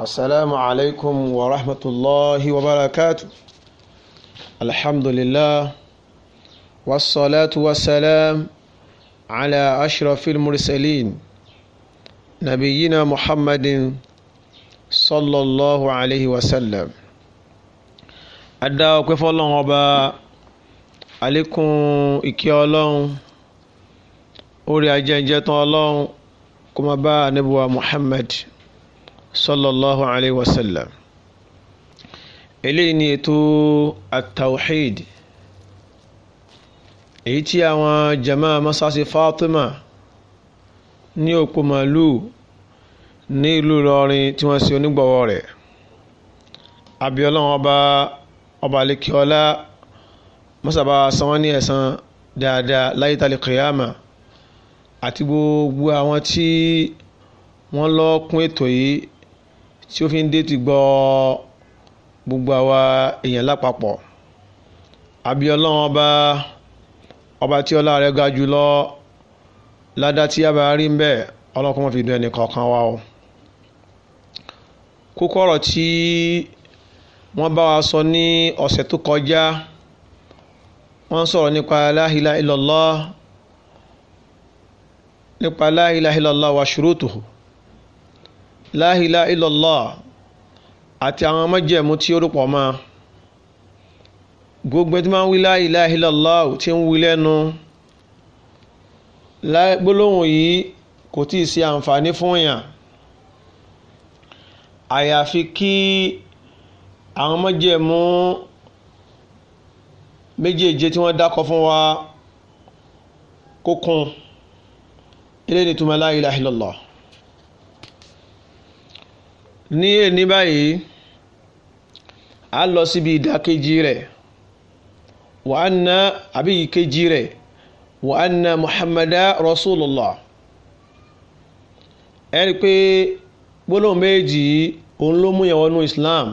السلام عليكم ورحمة الله وبركاته الحمد لله والصلاة والسلام على أشرف المرسلين نبينا محمد صلى الله عليه وسلم adáwọ̀ pé fọlọ́run ọba àlékún ìkẹ́ ọlọ́run orí ajẹ́njẹ́ tán ọlọ́run kó máa bá sallallahu alayhi wa sallam eléyìí ni ètò atawhid èyí tí àwọn jama masasi fatima ní òpó màlúù ní ìlú Ìlọrin tí wọ́n ṣe onígbọ̀wọ́ rẹ̀ abiola ọba ọba alekiola mọ́sàbá sanwó-án ní ẹ̀san dáadáa láyé tálẹ̀ kìyàmà àti gbogbo àwọn tí wọ́n lọ kún ètò yìí tí ó fi ń dé ti gbọ́ gbogbo àwa èèyàn lápapọ̀ àbí ọlọ́run ọba ọba tí ọlá rẹ̀ ga jù lọ ládá tí a bá rí ń bẹ́ẹ̀ ọlọ́run kó fi dùn ẹnì kọ̀ọ̀kan wa o kókó ọ̀rọ̀ tí wọ́n bá wa sọ ní ọ̀sẹ̀ tó kọjá wọ́n sọ̀rọ̀ nípa la ilaha illallah nípa la ilaha illallah wa shurutuhu láhìlá illallah àti àwọn májẹ̀mú tí ó rúpọ̀ mọ́ gbogbo tí máa ń wí láhìlá illallah tí ń wí lẹ́nu gbólóhùn yìí kò tí ì ṣe àǹfààní fún yàn àyàfi kí àwọn májẹ̀mú méjèèje tí wọ́n dákọ̀ fún wa kókun eléyìí ni túmọ̀ la ilaha ní èní báyìí a lọ síbi ìdákejì rẹ̀ wàá na àbí ìkejì rẹ̀ wàá na muhammadu rasulullah ẹ rí i pé gbólóhùn méjì yìí òun ló mú yẹn wọnú islam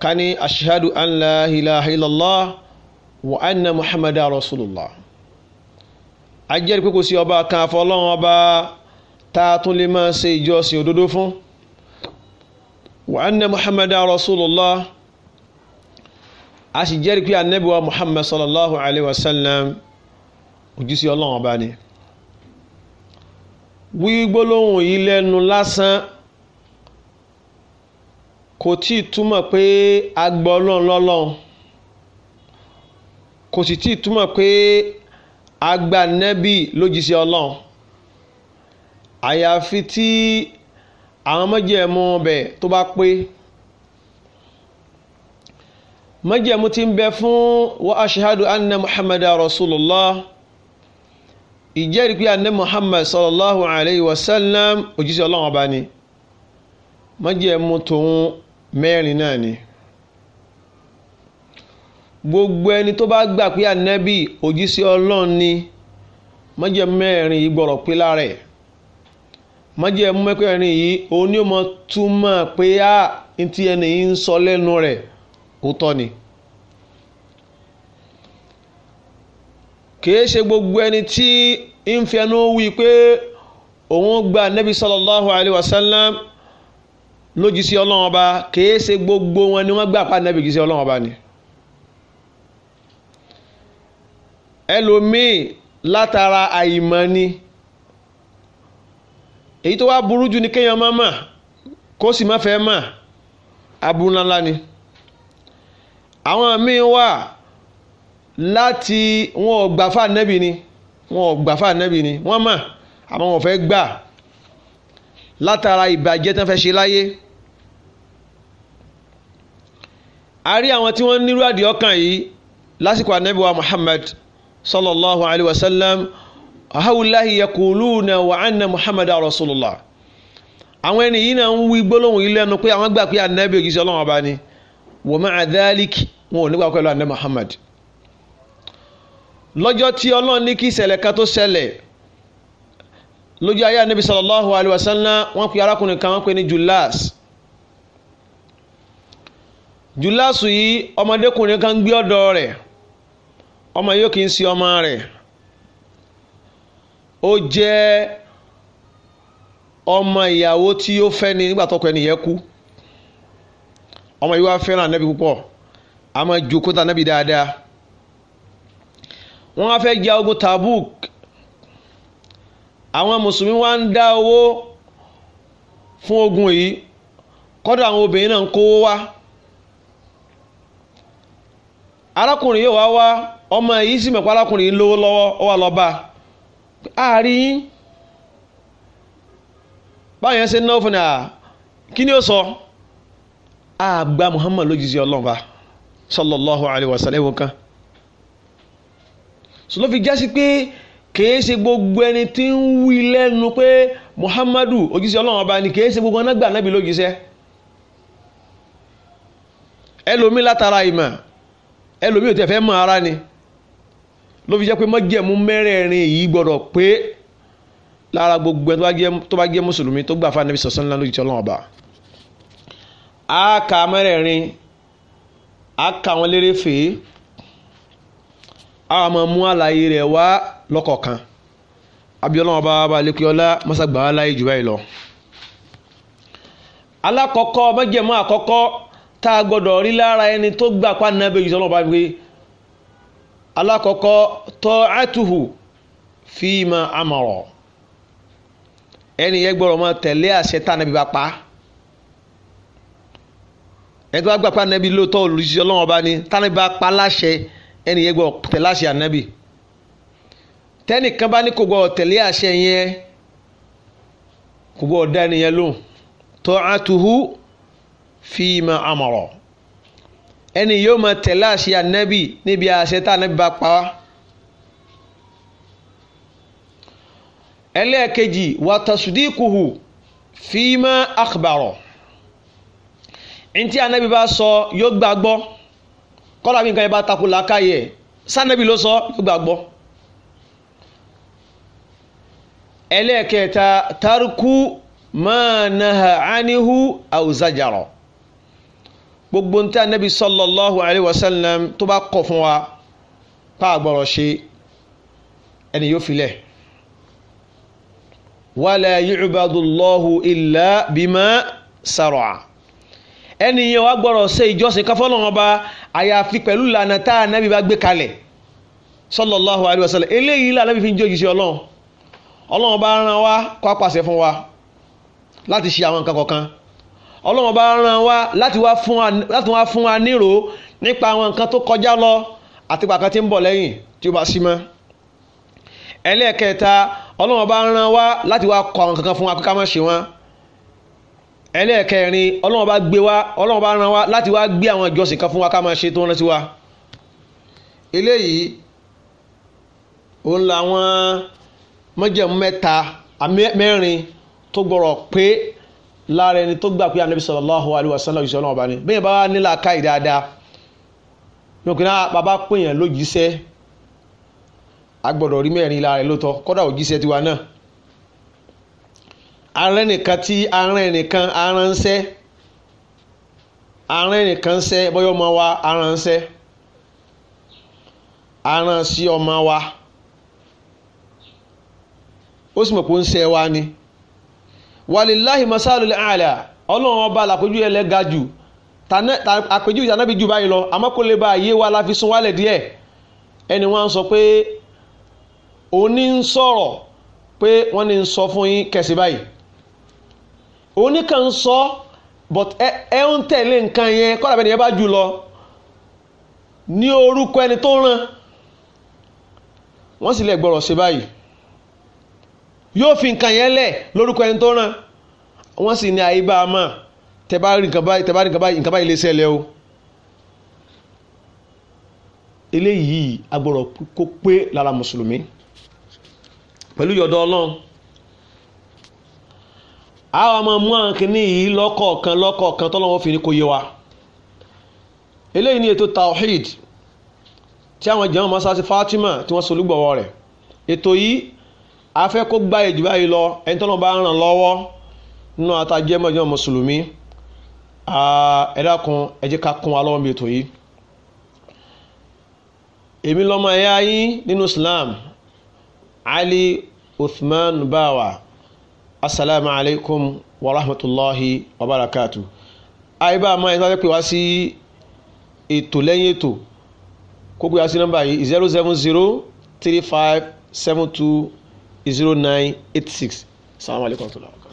ká ní ashhadu an la ilaha illallah muhammadu rasulullah a jẹ́rìí pé kò sí ọba kan afọlọ́run ọba tá a tún lè máa ṣe ìjọsìn òdodo fún wa anna muhammadu rasulullah a sì jẹ́rìí pé anabi wa muhammad sallallahu alayhi wa sallam òjíṣẹ́ ọlọ́run ọba ni wí gbólóhùn yìí lẹ́nu lásán kò tí ì túmọ̀ pé a gbọ́ ọlọ́run lọ́lọ́run kò sì tí ì túmọ̀ pé a gba nẹ́bì lójíṣẹ́ ọlọ́run àyàfi tí àwọn májẹ̀mú ọbẹ̀ tó bá pé májẹ̀mú ti ń bẹ fún wa ashahadu anna muhammad rasulullah ìjẹ́rìí pé anna muhammad sallallahu alayhi wa sallam òjíṣẹ́ ọlọ́run ọba ni májẹ̀mú tòun mẹ́rin náà ni gbogbo ẹni tó bá gbà pé ànábì òjíṣẹ́ ọlọ́run ni májẹ̀mú mẹ́rin gbọ́rọ̀ pé lára ẹ̀ mọ́jẹ́ mú mẹ́pẹ́ ẹni yìí òun ni ó mọ túmọ̀ pé á ti ẹni yìí ń sọ lẹ́nu rẹ̀ òótọ́ ni. kìí ṣe gbogbo ẹni tí ń fi ẹnu wí pé òun gba nẹ́bí sallallahu alayhi wa lójú sí ọlọ́run ọba kìí ṣe gbogbo wọn ni wọ́n gbà pa nẹ́bí kìí ṣe ọlọ́run ọba ni. ẹlòmíì látara àìmọ̀ ni. Elumi, èyí tó wá burú jù ní kéèyàn má mà kó sì má fẹ́ mà aburú ńláńlá ni àwọn míín wà láti wọn ò gbà fà nẹ́bì ni wọn ò gbà fà nẹ́bì ni wọ́n mà àmọ́ wọn fẹ́ gbà látara ìbàjẹ́ tán fẹ́ ṣe láyé a rí àwọn tí wọ́n nírú àdìọ́kàn yìí lásìkò ànábì wa Muhammad sallallahu alayhi wa sallam haulahi yakuluna wa anna muhammadu rasulullah àwọn ẹni yìí náà ń wí gbólóhùn yìí lẹ́nu pé àwọn gbà pé anabi òjíṣẹ́ ọlọ́run ọba ni wa ma'a dhalik wọn ò nígbà pẹ̀lú anabi muhammad lọ́jọ́ tí ọlọ́run ní kí ìṣẹ̀lẹ̀ kan tó ṣẹlẹ̀ lójú ayé anabi sallallahu alayhi wa sallam wọ́n pe arákùnrin kan wọ́n pe ní julas julas yìí ọmọdékùnrin kan gbé ọ̀dọ̀ rẹ̀ ọmọ yóò kì í sí ọmọ rẹ̀ ó jẹ́ ọmọ ìyàwó tí ó fẹ́ ni nígbà tọkọ ẹnìyẹn kú ọmọ yìí wá fẹ́ràn ànábì púpọ̀ a máa jókòó ta ànábì dáadáa wọ́n á fẹ́ ja ogun Tabuk àwọn mùsùlùmí wá ń dá owó fún ogun yìí kọ́dọ̀ àwọn obìnrin náà ń kówó wá arákùnrin yóò wá wá ọmọ yìí sì mọ̀ pé arákùnrin yìí lówó lọ́wọ́ ó wà lọ́ọ́ àárí yín báyẹn ṣe náwó fún ni à kí ni ó sọ àgbà Muhammad lójijì ọlọ́mba sallallahu alayhi wa sallam kan sọ ló fi jásí pé kìí ṣe gbogbo ẹni tí ń wí lẹ́nu pé Muhammadu òjíṣẹ́ ọlọ́run ọba ni kìí ṣe gbogbo ọ̀nà gbà nábì lójíṣẹ́ ẹlòmí látara ìmọ̀ ẹlòmí ò tẹ̀ fẹ́ mọ ara ni ló fi jẹ́ pé mọ́jẹ̀mú mẹ́rẹ̀ẹ̀rin yìí gbọ́dọ̀ pé lára gbogbo ẹ̀ tó bá jẹ́ mùsùlùmí tó gbà fáwọn ẹbí sọ̀sán ńlá lójijì ọlọ́run ọba a kà mẹ́rẹ̀ẹ̀rin a kà wọn lérè fèé a máa mú àlàyé rẹ̀ wá lọ́kọ̀ọ̀kan abiola ọba abalẹ́kíọ́lá mọ́sàgbà aláyé jù báyìí lọ. alákọ̀ọ́kọ́ mọ́jẹ̀mú àkọ́kọ́ tá a gbọ́dọ̀ rí lára ẹni tó gbà pa nàbẹ́yìí alákọ̀ọ́kọ́ ta'atuhu fima amara ẹni yẹn gbọ́dọ̀ máa tẹ̀lé àṣẹ tá ànábì bá pa ẹni tó bá gbà pé ànábì lóòótọ́ olùṣiṣẹ́ ọlọ́run ọba ni tá ànábì bá pa láṣẹ ẹni yẹn gbọ́dọ̀ tẹ̀lé àṣẹ ànábì tẹ́nìkan bá ní kò gbọ́dọ̀ tẹ̀lé àṣẹ yẹn kò gbọ́dọ̀ dá ẹni yẹn lóhùn ta'atuhu fima amara ẹni yóò máa tẹ̀lé àṣẹ ànábì níbi àṣẹ tá ànábì bá pa wá. ẹlẹ́ẹ̀kejì wàtàsùdíkùhù fíìmà àkàbàrọ̀ ntí ànábì bá sọ yóò gbàgbọ́ kọ́lá mi nǹkan yẹn bá takò làákàyè sànábì ló sọ yóò gbàgbọ́. ẹlẹ́ẹ̀kẹta tarku máa naha anihu àwùzájàrọ̀ gbogbo ntí anabi sallallahu alayhi wa sallam tó bá kọ̀ fún wa pa àgbọ̀rọ̀ ṣe ẹni yóò filẹ̀ wala yu'badullahu illa bima sara'a ẹni yẹn wàá gbọ́rọ̀ ṣe ìjọsìn kan fọlọ́run ọba àyàfi pẹ̀lú lànà tá anabi bá gbé kalẹ̀ sallallahu alayhi wa sallam eléyìí là anabi fi ń jẹ́ òjìṣẹ́ ọlọ́run ọlọ́run bá rán wa kó apàṣẹ fún wa láti ṣe àwọn nǹkan kọ̀ọ̀kan ọlọ́run bá rán wa láti wá fún wa nírò nípa àwọn nǹkan tó kọjá lọ àti pàkan tí ń bọ̀ lẹ́yìn tí ó bá sí mọ́ ẹlẹ́ẹ̀kẹta ọlọ́run bá rán wa láti wá kọ àwọn kankan fún wa kíkà má ṣe wọn ẹlẹ́ẹ̀kẹrin ọlọ́run bá gbé wa ọlọ́run bá rán wa láti wá gbé àwọn ìjọsìn kan fún wa ká máa ṣe tó rántí wa eléyìí òun làwọn mọ́jẹ̀mú mẹ́ta mẹ́rin tó gbọ́rọ̀ pé lára ẹni tó gbà pé anabi sallallahu alaihi wa òjíṣẹ́ ọlọ́wọ́ bá ní bẹ́ẹ̀ bá nílà ká ìdáadáa ní náà ah, bàbá pèèyàn lójíṣẹ́ rí mẹ́rin lára ẹ̀ lóòótọ́ kọ́dà òjíṣẹ́ tiwa náà arán nìkan tí arán nìkan aránṣẹ́ arán nìkan ṣẹ́ ọmọ wa aránṣẹ́ aránṣẹ́ ọmọ wa ó sì mọ̀ pé ó ń ṣẹ́ wa ni. wàlíláhi masáàlú àlà ọlọ́run ọba làpéjú ẹlẹ́ ga jù àpéjú ìyànàbí jù báyìí lọ àmọ́ kò wa la fi sun wálẹ̀ díẹ̀ ẹni wọ́n á sọ pé òní ń sọ̀rọ̀ pé wọ́n ní ń sọ fún yín kẹ̀sì báyìí òní kan ń sọ but ẹ ń tẹ̀lé nǹkan yẹn kọ́dà bẹ́ẹ̀ ni ẹ bá jù lọ ní orúkọ ẹni tó ràn wọ́n sì lè gbọ́rọ̀ ṣe báyìí yóò fi nǹkan yẹn lẹ̀ lórúkọ ẹni tó wọ́n sì ní àyíbá bá o eléyìí agbọ́dọ̀ kó pé lára mùsùlùmí pẹ̀lú yọ̀dọ̀ ọlọ́run àwọn ọmọ mú àwọn kìíní yìí lọ́kọ̀ọ̀kan lọ́kọ̀ọ̀kan tọ́lọ́wọ́ fi yé wa eléyìí ni ètò tawhid tí àwọn jẹ́wọ́n masáàsì Fatima tí wọ́n solúgbọ̀wọ́ rẹ̀ ètò yìí afẹ́ kó gbá ìjù báyìí lọ ẹni tọ́nà bá ràn lọ́wọ́ nínú atajẹ́mọ̀jọ́ mùsùlùmí ẹ̀dàkùn ẹ̀jẹ̀ ká kún wa lọ́wọ́ mi ètò yìí èmi lọ́mọ ẹ̀yà yín nínú islam ali uthman bawa asalaamu alaykum wa rahmatulahi wa barakatu àyíbá àmọ́ ẹ̀ka pè wá sí ètò lẹ́yìn ètò kó pè wá sí nọ́mbà yìí zero seven zero three five seven two zero nine eight six salamu alaykum wa rahmatulah.